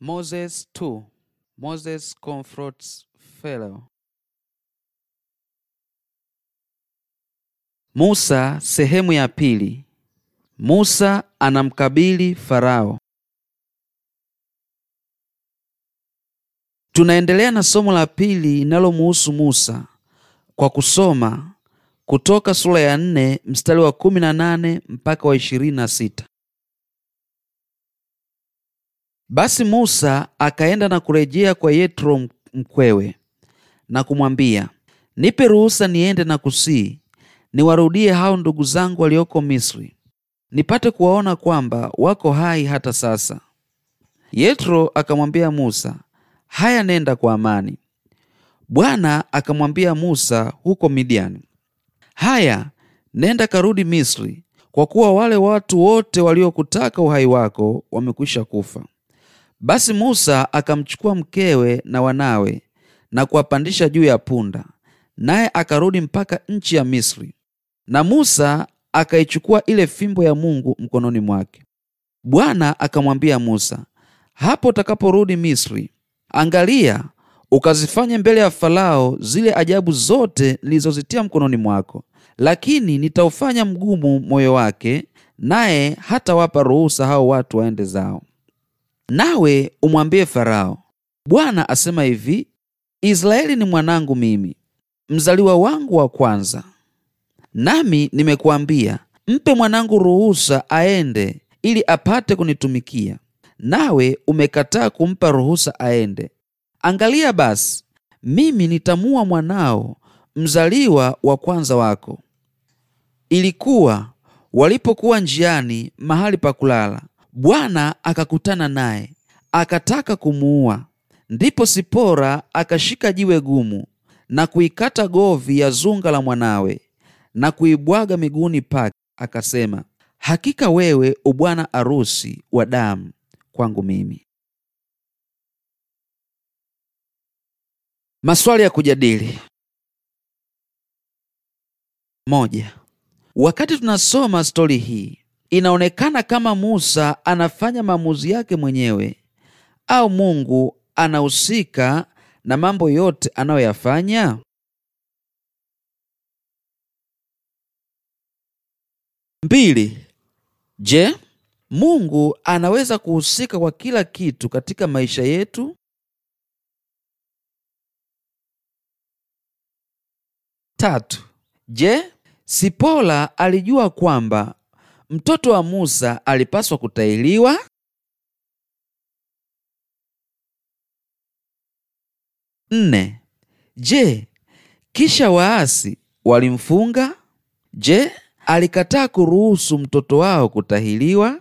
Moses 2 Moses confronts Pharaoh. Musa sehemu ya pili. Musa anamkabili Farao. Tunaendelea na somo la pili linalomuhusu Musa kwa kusoma kutoka sura ya nne mstari wa kumi na nane mpaka wa ishirini na sita. Basi Musa akaenda na kurejea kwa Yetro mkwewe na kumwambia, nipe ruhusa niende na kusii niwarudie hao ndugu zangu walioko Misri, nipate kuwaona kwamba wako hai hata sasa. Yetro akamwambia Musa, haya, nenda kwa amani. Bwana akamwambia Musa huko Midiani, haya, nenda karudi Misri, kwa kuwa wale watu wote waliokutaka uhai wako wamekwisha kufa. Basi Musa akamchukua mkewe na wanawe na kuwapandisha juu ya punda, naye akarudi mpaka nchi ya Misri. Na Musa akaichukua ile fimbo ya Mungu mkononi mwake. Bwana akamwambia Musa, hapo utakaporudi Misri, angalia ukazifanye mbele ya Farao zile ajabu zote nilizozitia mkononi mwako, lakini nitaufanya mgumu moyo wake, naye hatawapa ruhusa hao watu waende zao. Nawe umwambie Farao, Bwana asema hivi, Israeli ni mwanangu mimi, mzaliwa wangu wa kwanza. Nami nimekuambia, mpe mwanangu ruhusa aende ili apate kunitumikia. Nawe umekataa kumpa ruhusa aende. Angalia basi, mimi nitamua mwanao mzaliwa wa kwanza wako. Ilikuwa walipokuwa njiani mahali pa kulala, Bwana akakutana naye akataka kumuua. Ndipo Sipora akashika jiwe gumu na kuikata govi ya zunga la mwanawe na kuibwaga miguuni pake, akasema, hakika wewe ubwana arusi wa damu kwangu mimi. Maswali ya kujadili. Moja, wakati tunasoma stori hii Inaonekana kama Musa anafanya maamuzi yake mwenyewe au Mungu anahusika na mambo yote anayoyafanya. Mbili. Je, Mungu anaweza kuhusika kwa kila kitu katika maisha yetu? Tatu. Je, Sipola alijua kwamba mtoto wa Musa alipaswa kutahiliwa Nne. Je, kisha waasi walimfunga? Je, alikataa kuruhusu mtoto wao kutahiliwa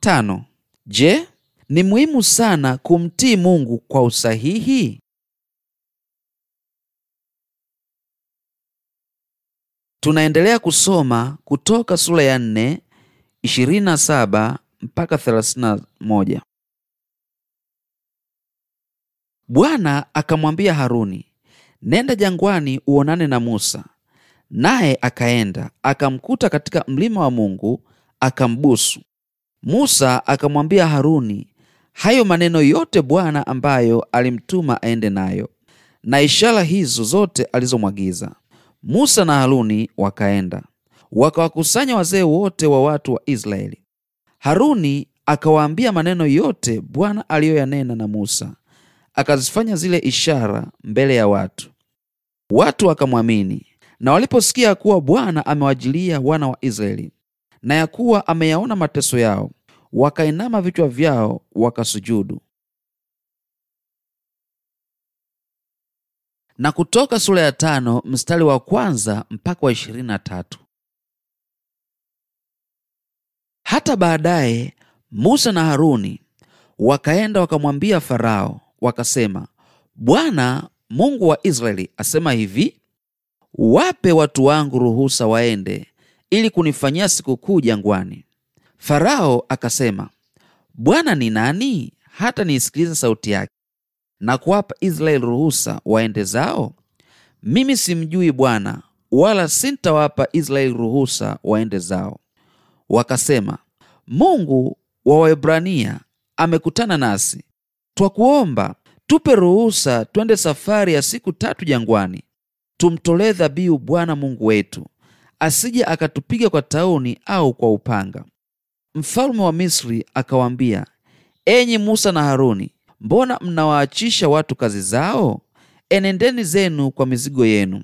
Tano. Je, ni muhimu sana kumtii Mungu kwa usahihi? Tunaendelea kusoma kutoka sura ya nne ishirini na saba mpaka thelathini na moja. Bwana akamwambia Haruni, nenda jangwani uonane na Musa. Naye akaenda akamkuta katika mlima wa Mungu akambusu. Musa akamwambia Haruni hayo maneno yote Bwana ambayo alimtuma aende nayo na ishara hizo zote alizomwagiza. Musa na Haruni wakaenda wakawakusanya wazee wote wa watu wa Israeli. Haruni akawaambia maneno yote Bwana aliyoyanena na Musa, akazifanya zile ishara mbele ya watu. Watu wakamwamini, na waliposikia ya kuwa Bwana amewajilia wana wa Israeli na ya kuwa ameyaona mateso yao, wakainama vichwa vyao wakasujudu. na Kutoka sura ya tano mstari wa kwanza mpaka wa ishirini na tatu. Hata baadaye Musa na Haruni wakaenda wakamwambia Farao, wakasema, Bwana Mungu wa Israeli asema hivi, wape watu wangu ruhusa waende ili kunifanyia sikukuu jangwani. Farao akasema, Bwana ni nani hata niisikilize sauti yake? na kuwapa Israeli ruhusa waende zao? Mimi simjui Bwana, wala sintawapa Israeli ruhusa waende zao. Wakasema, Mungu wa Waebrania amekutana nasi, twakuomba tupe ruhusa twende safari ya siku tatu jangwani, tumtolee dhabihu Bwana Mungu wetu, asije akatupiga kwa tauni au kwa upanga. mfalume wa Misri akawambia enyi Musa na Haruni, Mbona mnawaachisha watu kazi zao? Enendeni zenu kwa mizigo yenu.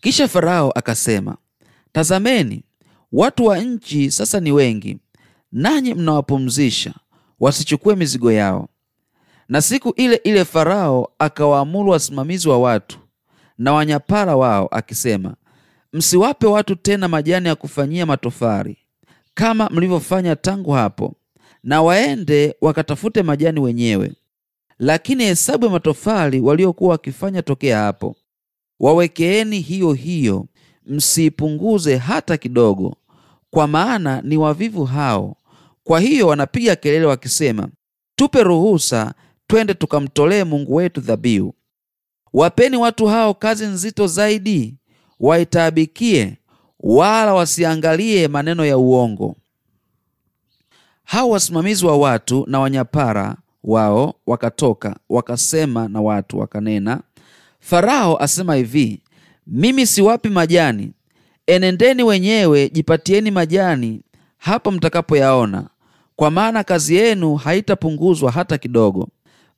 Kisha Farao akasema, tazameni, watu wa nchi sasa ni wengi, nanyi mnawapumzisha wasichukue mizigo yao. Na siku ile ile Farao akawaamuru wasimamizi wa watu na wanyapara wao, akisema, msiwape watu tena majani ya kufanyia matofari kama mlivyofanya tangu hapo, na waende wakatafute majani wenyewe lakini hesabu ya matofali waliokuwa wakifanya tokea hapo, wawekeeni hiyo hiyo, msiipunguze hata kidogo, kwa maana ni wavivu hao. Kwa hiyo wanapiga kelele wakisema, tupe ruhusa twende tukamtolee Mungu wetu dhabihu. Wapeni watu hao kazi nzito zaidi, waitaabikie, wala wasiangalie maneno ya uongo. Hao wasimamizi wa watu na wanyapara wao wakatoka wakasema na watu wakanena, Farao asema hivi, mimi siwapi majani, enendeni wenyewe jipatieni majani hapo mtakapoyaona, kwa maana kazi yenu haitapunguzwa hata kidogo.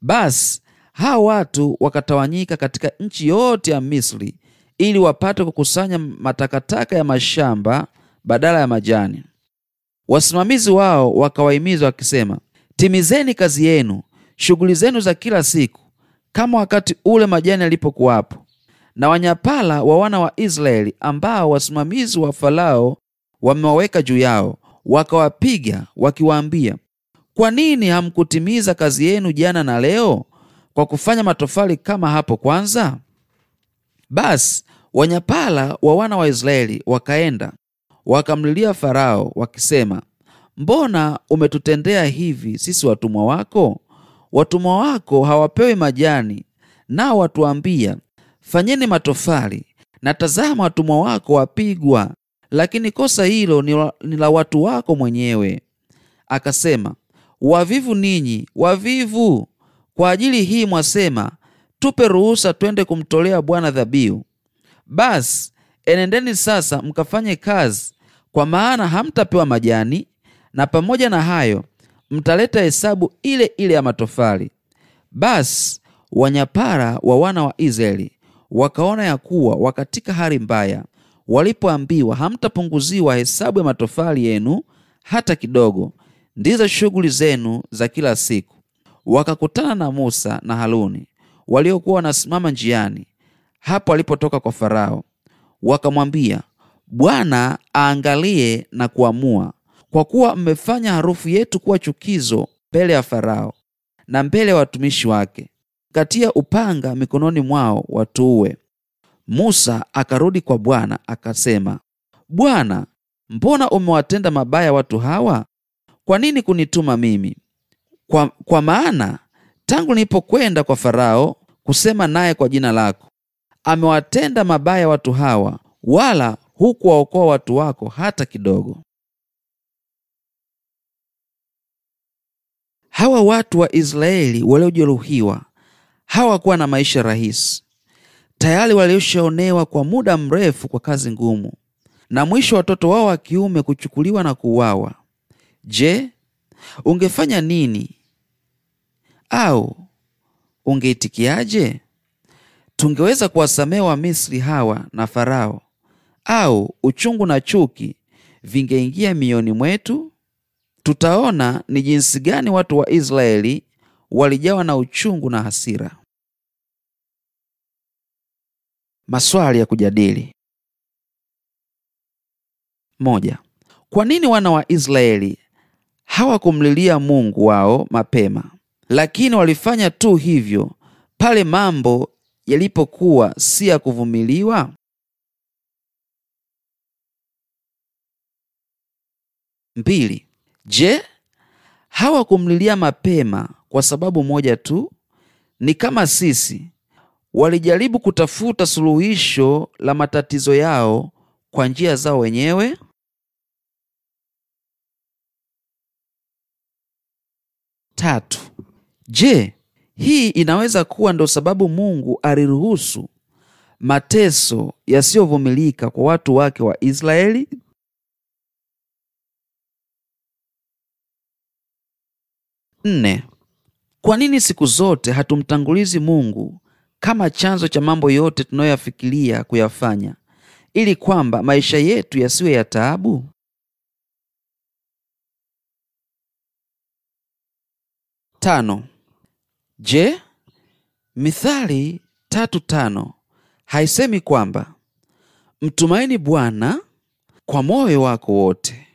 Basi hawa watu wakatawanyika katika nchi yote ya Misri ili wapate kukusanya matakataka ya mashamba badala ya majani. Wasimamizi wao wakawahimiza wakisema Timizeni kazi yenu, shughuli zenu za kila siku, kama wakati ule majani yalipokuwapo, na wanyapala wa wana wa Israeli ambao wasimamizi wa Farao wamewaweka juu yao, wakawapiga wakiwaambia, kwa nini hamkutimiza kazi yenu jana na leo kwa kufanya matofali kama hapo kwanza? Basi wanyapala wa wana wa Israeli wakaenda wakamlilia Farao wakisema, mbona umetutendea hivi sisi watumwa wako? Watumwa wako hawapewi majani, nao watuambia fanyeni matofali, na tazama watumwa wako wapigwa, lakini kosa hilo ni la watu wako mwenyewe. Akasema, wavivu ninyi, wavivu! Kwa ajili hii mwasema, tupe ruhusa twende kumtolea Bwana dhabihu. Basi enendeni sasa mkafanye kazi, kwa maana hamtapewa majani na pamoja na hayo mtaleta hesabu ile ile ya matofali. Basi wanyapara wa wana wa Israeli wakaona ya kuwa wakatika hali mbaya, walipoambiwa hamtapunguziwa hesabu ya matofali yenu hata kidogo, ndizo shughuli zenu za kila siku. Wakakutana na Musa na Haruni waliokuwa wanasimama njiani hapo alipotoka kwa Farao, wakamwambia, Bwana aangalie na kuamua kwa kuwa mmefanya harufu yetu kuwa chukizo mbele ya Farao na mbele ya watumishi wake, katia upanga mikononi mwao watuue. Musa akarudi kwa Bwana akasema, Bwana, mbona umewatenda mabaya watu hawa? Kwa nini kunituma mimi? Kwa, kwa maana tangu nilipokwenda kwa Farao kusema naye kwa jina lako, amewatenda mabaya watu hawa, wala hukuwaokoa watu wako hata kidogo. Hawa watu wa Israeli waliojeruhiwa hawakuwa na maisha rahisi. Tayari walioshaonewa kwa muda mrefu kwa kazi ngumu, na mwisho watoto wao wa kiume kuchukuliwa na kuuawa. Je, ungefanya nini au ungeitikiaje? Tungeweza kuwasamea Wamisri hawa na Farao, au uchungu na chuki vingeingia mioni mwetu? tutaona ni jinsi gani watu wa Israeli walijawa na uchungu na hasira. Maswali ya kujadili. Moja. Kwa nini wana wa Israeli hawakumlilia Mungu wao mapema, lakini walifanya tu hivyo pale mambo yalipokuwa si ya kuvumiliwa? Mbili. Je, hawakumlilia mapema kwa sababu moja tu? Ni kama sisi, walijaribu kutafuta suluhisho la matatizo yao kwa njia zao wenyewe? Tatu, je, hii inaweza kuwa ndo sababu Mungu aliruhusu mateso yasiyovumilika kwa watu wake wa Israeli? Nne, kwa nini siku zote hatumtangulizi Mungu kama chanzo cha mambo yote tunayoyafikiria kuyafanya ili kwamba maisha yetu yasiwe ya taabu? Tano, je, Mithali tatu tano haisemi kwamba mtumaini Bwana kwa moyo wako wote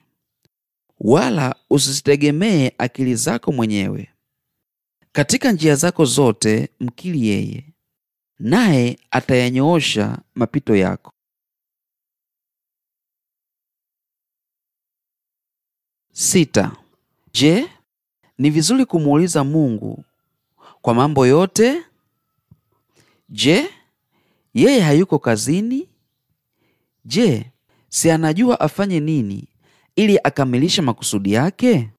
wala usizitegemee akili zako mwenyewe. Katika njia zako zote mkili yeye, naye atayanyoosha mapito yako. Sita. Je, ni vizuri kumuuliza Mungu kwa mambo yote? Je, yeye hayuko kazini? Je, si anajua afanye nini ili akamilishe makusudi yake?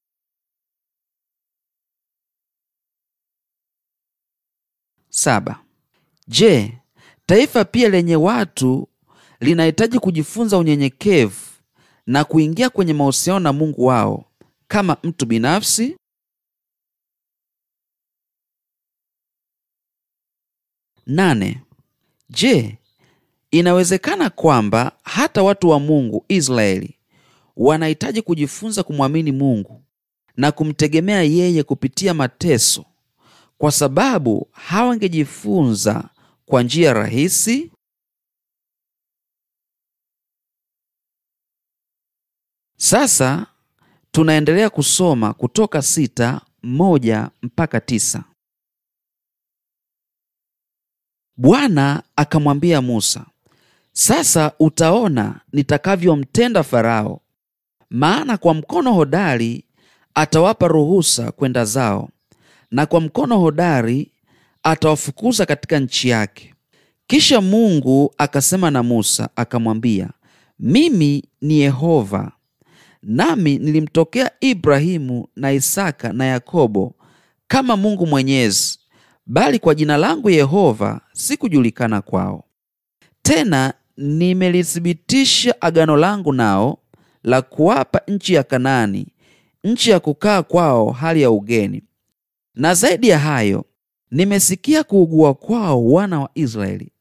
Saba. Je, taifa pia lenye watu linahitaji kujifunza unyenyekevu na kuingia kwenye mahusiano na Mungu wao kama mtu binafsi? Nane. Je, inawezekana kwamba hata watu wa Mungu Israeli wanahitaji kujifunza kumwamini Mungu na kumtegemea yeye kupitia mateso, kwa sababu hawangejifunza kwa njia rahisi Sasa tunaendelea kusoma Kutoka sita moja mpaka tisa. Bwana akamwambia Musa, sasa utaona nitakavyomtenda Farao maana kwa mkono hodari atawapa ruhusa kwenda zao, na kwa mkono hodari atawafukuza katika nchi yake. Kisha Mungu akasema na Musa akamwambia, mimi ni Yehova, nami nilimtokea Ibrahimu na Isaka na Yakobo kama Mungu Mwenyezi, bali kwa jina langu Yehova sikujulikana kwao. Tena nimelithibitisha agano langu nao la kuwapa nchi ya Kanaani, nchi ya kukaa kwao hali ya ugeni. Na zaidi ya hayo, nimesikia kuugua kwao wana wa Israeli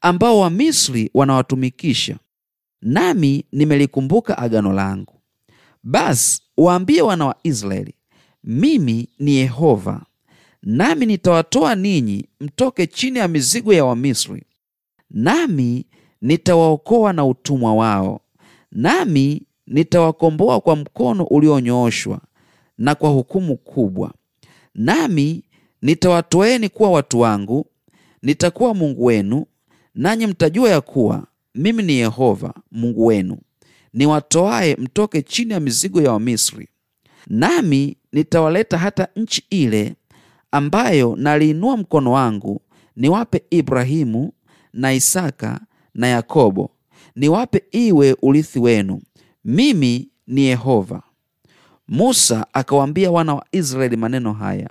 ambao Wamisri wanawatumikisha, nami nimelikumbuka agano langu. Basi waambie wana wa Israeli, mimi ni Yehova, nami nitawatoa ninyi mtoke chini ya mizigo ya Wamisri, nami nitawaokoa na utumwa wao, nami nitawakomboa kwa mkono ulionyooshwa na kwa hukumu kubwa, nami nitawatoeni kuwa watu wangu, nitakuwa Mungu wenu, nanyi mtajua ya kuwa mimi ni Yehova Mungu wenu niwatoaye mtoke chini ya mizigo ya Wamisri. Nami nitawaleta hata nchi ile ambayo naliinua mkono wangu niwape Ibrahimu na Isaka na Yakobo, niwape iwe urithi wenu, mimi ni Yehova. Musa akawaambia wana wa Israeli maneno haya,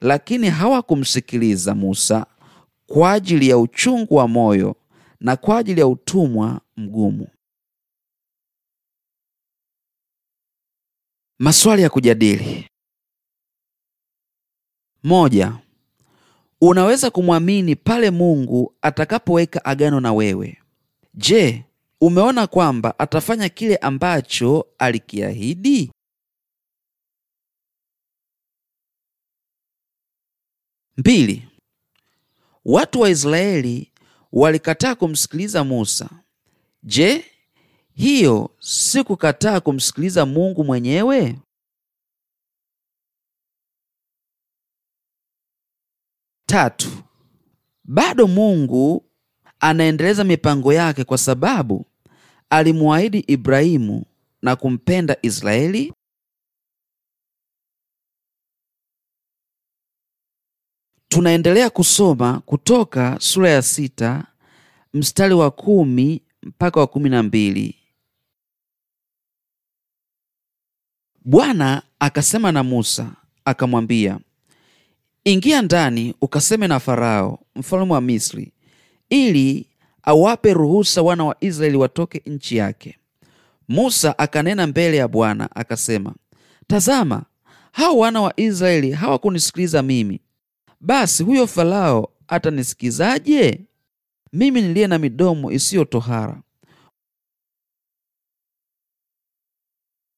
lakini hawakumsikiliza Musa kwa ajili ya uchungu wa moyo na kwa ajili ya utumwa mgumu. Maswali ya kujadili: moja. Unaweza kumwamini pale Mungu atakapoweka agano na wewe. Je, Umeona kwamba atafanya kile ambacho alikiahidi? Mbili, watu wa Israeli walikataa kumsikiliza Musa. Je, hiyo si kukataa kumsikiliza Mungu mwenyewe? Tatu, bado Mungu anaendeleza mipango yake kwa sababu alimwahidi Ibrahimu na kumpenda Israeli Tunaendelea kusoma kutoka sura ya sita mstari wa kumi mpaka wa kumi na mbili. Bwana akasema na Musa akamwambia, ingia ndani ukaseme na Farao mfalme wa Misri ili awape ruhusa wana wa Israeli watoke nchi yake. Musa akanena mbele ya Bwana akasema, tazama, hao wana wa Israeli hawakunisikiliza mimi, basi huyo Farao atanisikizaje mimi niliye na midomo isiyo tohara?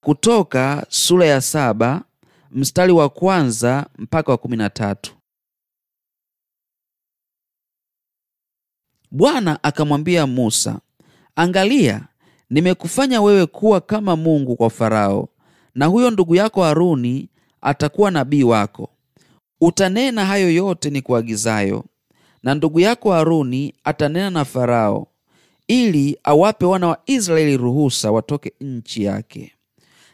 Kutoka sura ya saba mstari wa kwanza mpaka wa kumi na tatu. Bwana akamwambia Musa, angalia, nimekufanya wewe kuwa kama Mungu kwa Farao, na huyo ndugu yako Haruni atakuwa nabii wako. Utanena hayo yote nikuagizayo, na ndugu yako Haruni atanena na Farao ili awape wana wa Israeli ruhusa watoke nchi yake.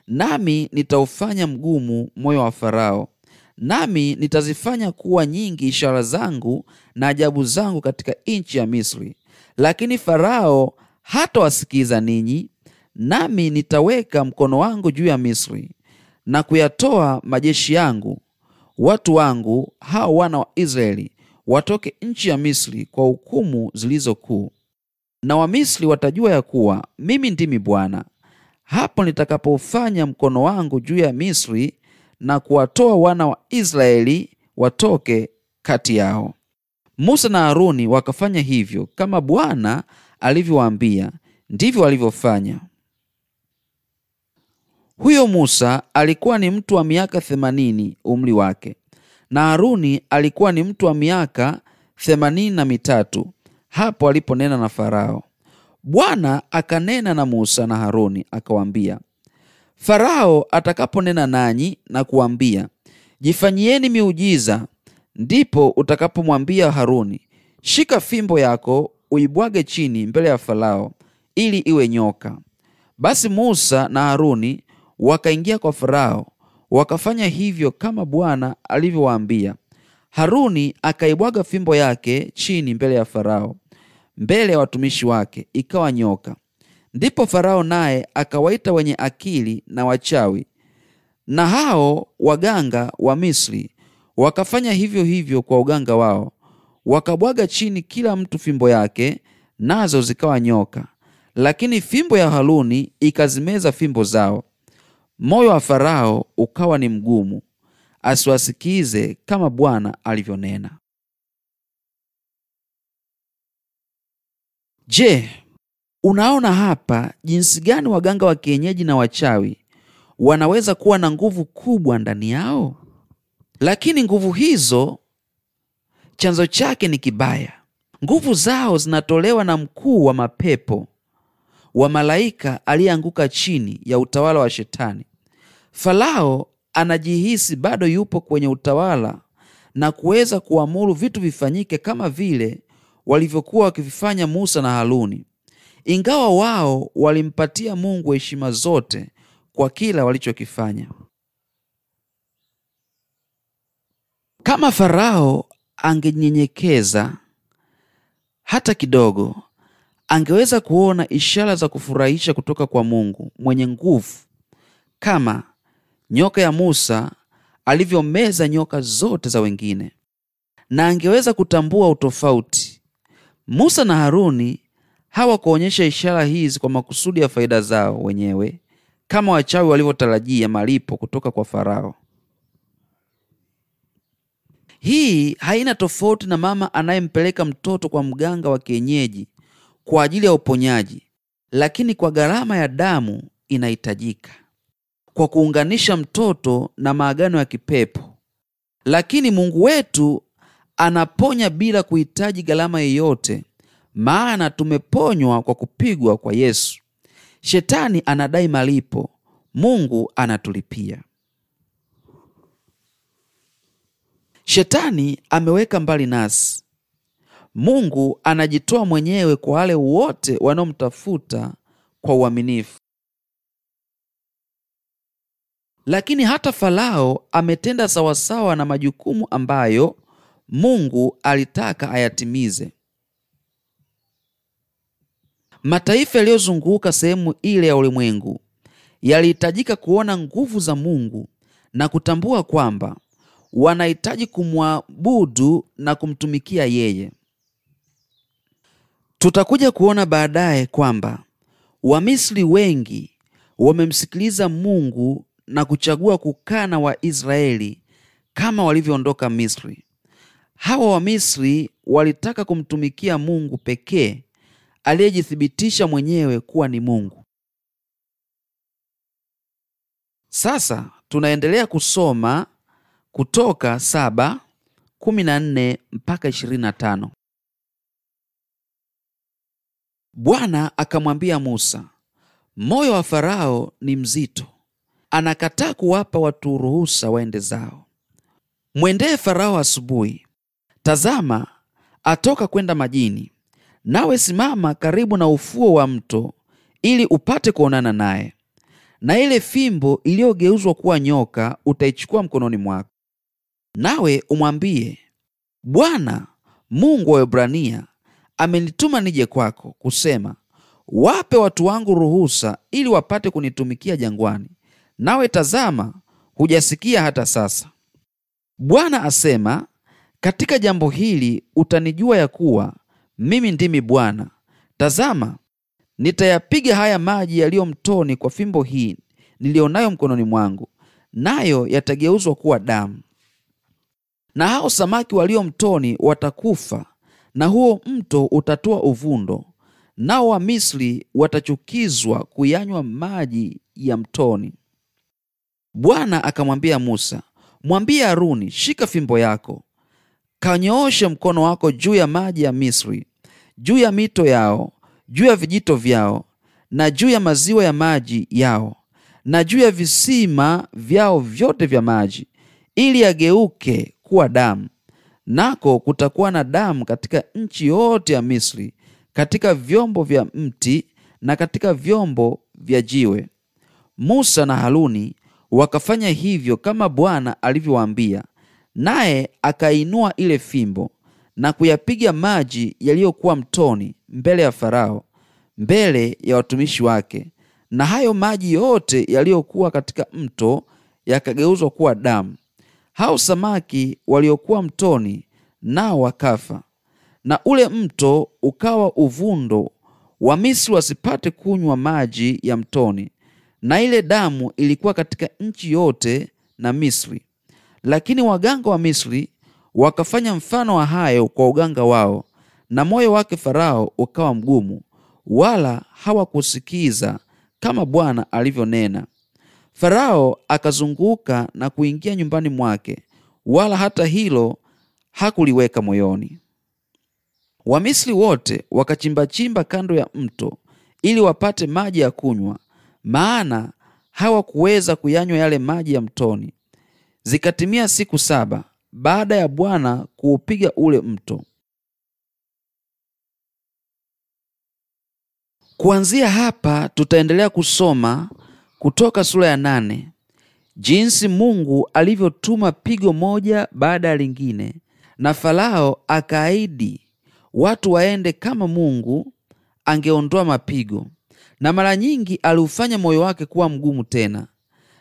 Nami nitaufanya mgumu moyo wa Farao nami nitazifanya kuwa nyingi ishara zangu na ajabu zangu katika nchi ya Misri. Lakini Farao hatawasikiza ninyi, nami nitaweka mkono wangu juu ya Misri na kuyatoa majeshi yangu. Watu wangu hawa wana wa Israeli watoke nchi ya Misri kwa hukumu zilizokuu na Wamisri watajua ya kuwa mimi ndimi Bwana hapo nitakapoufanya mkono wangu juu ya Misri na kuwatoa wana wa Israeli watoke kati yao. Musa na Haruni wakafanya hivyo kama Bwana alivyowaambia, ndivyo walivyofanya. Huyo Musa alikuwa ni mtu wa miaka themanini umri wake, na Haruni alikuwa ni mtu wa miaka themanini na mitatu hapo aliponena na Farao. Bwana akanena na Musa na Haruni akawaambia, Farao atakaponena nanyi na kuambia, jifanyieni miujiza, ndipo utakapomwambia Haruni, shika fimbo yako uibwage chini mbele ya Farao ili iwe nyoka. Basi Musa na Haruni wakaingia kwa Farao wakafanya hivyo kama Bwana alivyowaambia. Haruni akaibwaga fimbo yake chini mbele ya Farao, mbele ya watumishi wake, ikawa nyoka. Ndipo Farao naye akawaita wenye akili na wachawi, na hao waganga wa Misri wakafanya hivyo hivyo kwa uganga wao, wakabwaga chini kila mtu fimbo yake, nazo zikawa nyoka, lakini fimbo ya Haruni ikazimeza fimbo zao. Moyo wa Farao ukawa ni mgumu asiwasikize kama Bwana alivyonena. Je, Unaona hapa jinsi gani waganga wa kienyeji na wachawi wanaweza kuwa na nguvu kubwa ndani yao, lakini nguvu hizo chanzo chake ni kibaya. Nguvu zao zinatolewa na mkuu wa mapepo wa malaika aliyeanguka chini ya utawala wa Shetani. Farao anajihisi bado yupo kwenye utawala na kuweza kuamuru vitu vifanyike kama vile walivyokuwa wakivifanya Musa na Haruni ingawa wao walimpatia Mungu heshima zote kwa kila walichokifanya. Kama Farao angenyenyekeza hata kidogo, angeweza kuona ishara za kufurahisha kutoka kwa Mungu mwenye nguvu, kama nyoka ya Musa alivyomeza nyoka zote za wengine, na angeweza kutambua utofauti. Musa na Haruni Hawakuonyesha ishara hizi kwa makusudi ya faida zao wenyewe kama wachawi walivyotarajia malipo kutoka kwa Farao. Hii haina tofauti na mama anayempeleka mtoto kwa mganga wa kienyeji kwa ajili ya uponyaji, lakini kwa gharama ya damu inahitajika kwa kuunganisha mtoto na maagano ya kipepo. Lakini Mungu wetu anaponya bila kuhitaji gharama yoyote maana tumeponywa kwa kupigwa kwa Yesu. Shetani anadai malipo, Mungu anatulipia. Shetani ameweka mbali nasi, Mungu anajitoa mwenyewe kwa wale wote wanaomtafuta kwa uaminifu. Lakini hata Farao ametenda sawasawa na majukumu ambayo Mungu alitaka ayatimize. Mataifa yaliyozunguka sehemu ile ya ulimwengu yalihitajika kuona nguvu za Mungu na kutambua kwamba wanahitaji kumwabudu na kumtumikia yeye. Tutakuja kuona baadaye kwamba Wamisri wengi wamemsikiliza Mungu na kuchagua kukaa na Waisraeli kama walivyoondoka Misri. Hawa Wamisri walitaka kumtumikia Mungu pekee aliyejithibitisha mwenyewe kuwa ni Mungu. Sasa tunaendelea kusoma Kutoka saba nne mpaka ishirini tano. Bwana akamwambia Musa, moyo wa Farao ni mzito, anakataa kuwapa watu ruhusa waende zao. Mwendee Farao asubuhi, tazama atoka kwenda majini, nawe simama karibu na ufuo wa mto ili upate kuonana naye, na ile fimbo iliyogeuzwa kuwa nyoka utaichukua mkononi mwako, nawe umwambie, Bwana Mungu wa webrania amenituma nije kwako kusema, wape watu wangu ruhusa ili wapate kunitumikia jangwani, nawe tazama, hujasikia hata sasa. Bwana asema, katika jambo hili utanijua ya kuwa mimi ndimi Bwana. Tazama, nitayapiga haya maji yaliyo mtoni kwa fimbo hii niliyonayo mkononi mwangu, nayo yatageuzwa kuwa damu, na hao samaki walio mtoni watakufa, na huo mto utatoa uvundo, nao Wamisri watachukizwa kuyanywa maji ya mtoni. Bwana akamwambia Musa, mwambie Haruni, shika fimbo yako, kanyooshe mkono wako juu ya maji ya Misri, juu ya mito yao, juu ya vijito vyao, na juu ya maziwa ya maji yao, na juu ya visima vyao vyote vya maji, ili yageuke kuwa damu. Nako kutakuwa na damu katika nchi yote ya Misri, katika vyombo vya mti na katika vyombo vya jiwe. Musa na Haruni wakafanya hivyo kama Bwana alivyowaambia, naye akainua ile fimbo na kuyapiga maji yaliyokuwa mtoni mbele ya Farao, mbele ya watumishi wake, na hayo maji yote yaliyokuwa katika mto yakageuzwa kuwa damu. Hao samaki waliokuwa mtoni nao wakafa, na ule mto ukawa uvundo, wa misri wasipate kunywa maji ya mtoni. Na ile damu ilikuwa katika nchi yote na Misri, lakini waganga wa Misri Wakafanya mfano wa hayo kwa uganga wao, na moyo wake Farao ukawa mgumu, wala hawakusikiza kama Bwana alivyonena. Farao akazunguka na kuingia nyumbani mwake, wala hata hilo hakuliweka moyoni. Wamisri wote wakachimbachimba kando ya mto ili wapate maji ya kunywa, maana hawakuweza kuyanywa yale maji ya mtoni. Zikatimia siku saba, baada ya Bwana kuupiga ule mto. Kuanzia hapa tutaendelea kusoma kutoka sura ya nane jinsi Mungu alivyotuma pigo moja baada ya lingine, na Farao akaahidi watu waende kama Mungu angeondoa mapigo, na mara nyingi aliufanya moyo wake kuwa mgumu tena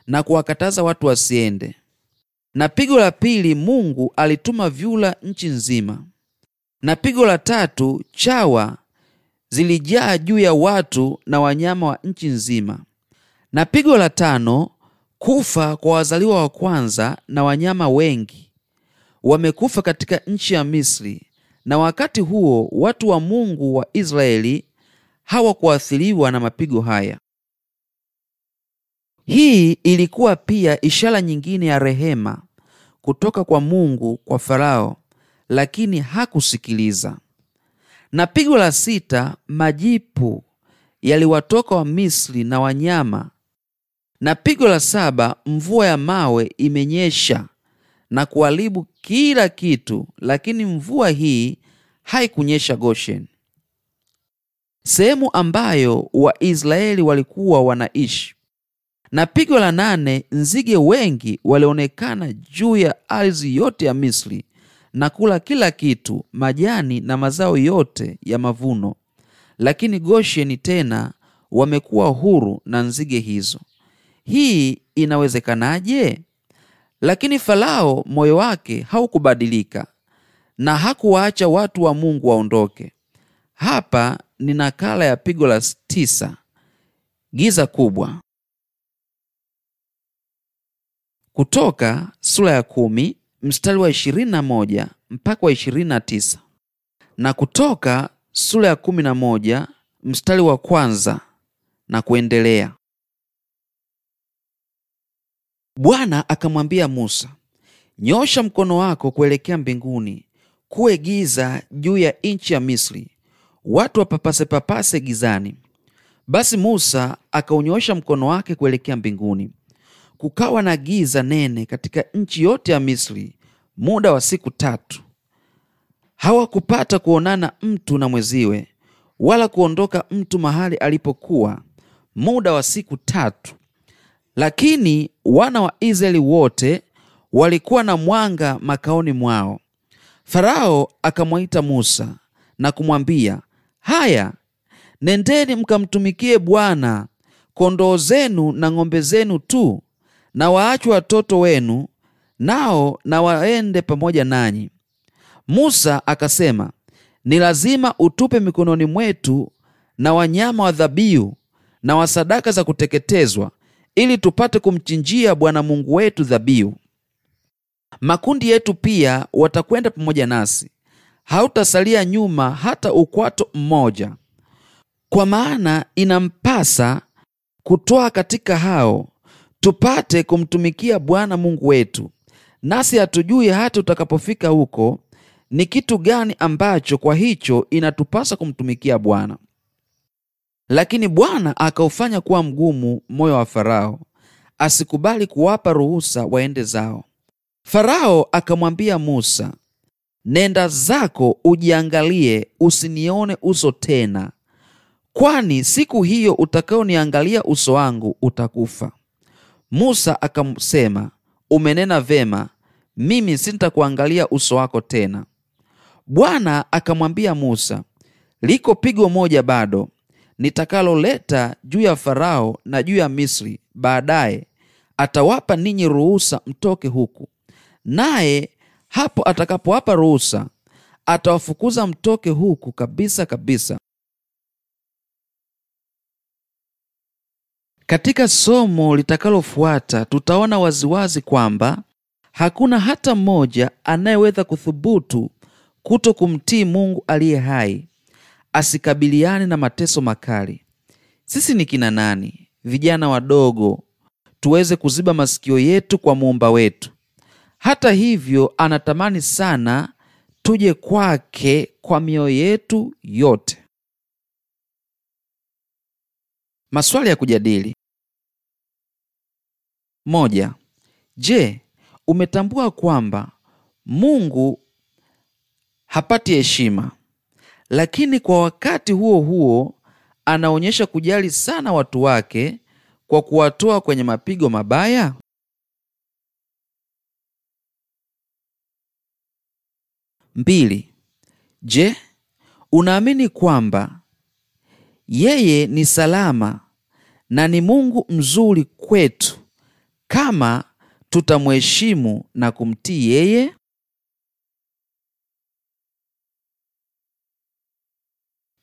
na kuwakataza watu wasiende. Na pigo la pili, Mungu alituma vyura nchi nzima. Na pigo la tatu, chawa zilijaa juu ya watu na wanyama wa nchi nzima. Na pigo la tano, kufa kwa wazaliwa wa kwanza na wanyama wengi wamekufa katika nchi ya Misri. Na wakati huo watu wa Mungu wa Israeli hawakuathiriwa na mapigo haya. Hii ilikuwa pia ishara nyingine ya rehema kutoka kwa Mungu kwa Farao, lakini hakusikiliza. Na pigo la sita, majipu yaliwatoka wa misri na wanyama. Na pigo la saba, mvua ya mawe imenyesha na kuharibu kila kitu, lakini mvua hii haikunyesha Goshen, sehemu ambayo Waisraeli walikuwa wanaishi. Na pigo la nane, nzige wengi walionekana juu ya ardhi yote ya Misri na kula kila kitu, majani na mazao yote ya mavuno. Lakini Gosheni tena wamekuwa huru na nzige hizo. Hii inawezekanaje? Lakini Farao moyo wake haukubadilika na hakuwaacha watu wa Mungu waondoke. Hapa ni nakala ya pigo la tisa, giza kubwa. Kutoka sura ya kumi mstari wa ishirini na moja mpaka wa ishirini na tisa na Kutoka sura ya kumi na moja mstari wa kwanza na kuendelea. Bwana akamwambia Musa, nyosha mkono wako kuelekea mbinguni, kuwe giza juu ya nchi ya Misri, watu wapapase papase gizani. Basi Musa akaunyoosha mkono wake kuelekea mbinguni, kukawa na giza nene katika nchi yote ya Misri muda wa siku tatu. Hawakupata kuonana mtu na mweziwe wala kuondoka mtu mahali alipokuwa muda wa siku tatu. Lakini wana wa Israeli wote walikuwa na mwanga makaoni mwao. Farao akamwita Musa na kumwambia, haya, nendeni mkamtumikie Bwana kondoo zenu na ng'ombe zenu tu, na waachwe watoto wenu nao na waende pamoja nanyi. Musa akasema, ni lazima utupe mikononi mwetu na wanyama wa dhabihu na wa sadaka za kuteketezwa, ili tupate kumchinjia Bwana Mungu wetu dhabihu. Makundi yetu pia watakwenda pamoja nasi, hautasalia nyuma hata ukwato mmoja, kwa maana inampasa kutoa katika hao tupate kumtumikia Bwana Mungu wetu, nasi hatujui hata utakapofika huko ni kitu gani ambacho kwa hicho inatupasa kumtumikia Bwana. Lakini Bwana akaufanya kuwa mgumu moyo wa Farao, asikubali kuwapa ruhusa waende zao. Farao akamwambia Musa, nenda zako ujiangalie, usinione uso tena, kwani siku hiyo utakaoniangalia uso wangu utakufa. Musa akamsema, umenena vema, mimi sintakuangalia uso wako tena. Bwana akamwambia Musa, liko pigo moja bado nitakaloleta juu ya Farao na juu ya Misri, baadaye atawapa ninyi ruhusa mtoke huku, naye hapo atakapowapa ruhusa atawafukuza mtoke huku kabisa kabisa. Katika somo litakalofuata tutaona waziwazi kwamba hakuna hata mmoja anayeweza kuthubutu kuto kumtii Mungu aliye hai asikabiliane na mateso makali. Sisi ni kina nani, vijana wadogo, tuweze kuziba masikio yetu kwa muumba wetu? Hata hivyo, anatamani sana tuje kwake kwa mioyo yetu yote. Maswali ya kujadili. Moja, je, umetambua kwamba Mungu hapati heshima, lakini kwa wakati huo huo anaonyesha kujali sana watu wake kwa kuwatoa kwenye mapigo mabaya? Mbili, je, unaamini kwamba yeye ni salama na ni Mungu mzuri kwetu kama tutamheshimu na kumtii yeye,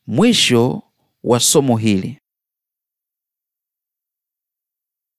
mwisho wa somo hili.